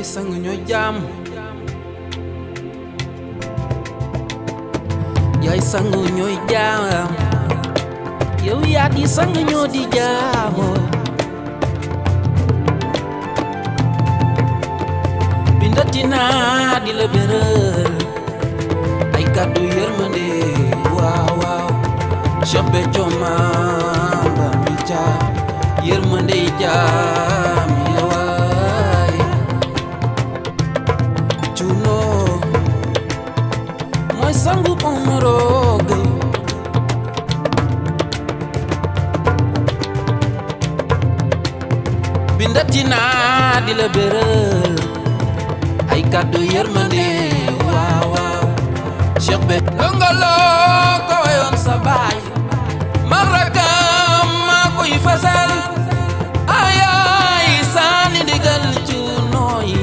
Yêu sang sang sang đi đi isanga nyojyamo yaisanga nyojyamo yeu yadisanga nyodijamo bindatina dileberer ay kaddu yermande waawaaw chebbe comamba mi ja yermande jaami mooy sangu umroog bindati naa di la béral ay kàddu yërmande waaw waaw Cheikh be lëngaloo ko e wayoon sa baay man rakam maa koy fasal ayaay saani ndigal ci nooyi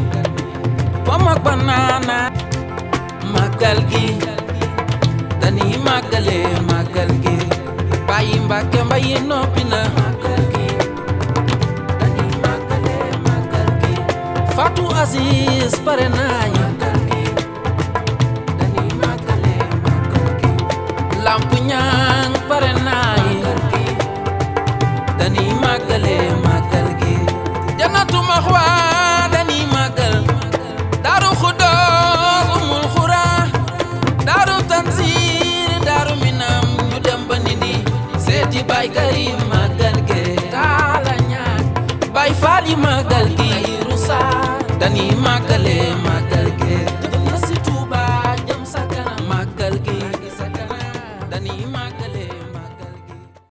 pom ak banaana gi dañuy màggale màggal gi bàyyi mbàkke mbayi noppi na màggal gi dañuy màggale màggal gi Fatou Aziz pare nañ màggal gi dañuy gi Lamp Ñaang pare nañ màggal gi Njaay Karim màggal gi taala ñaan Baay Faal màggale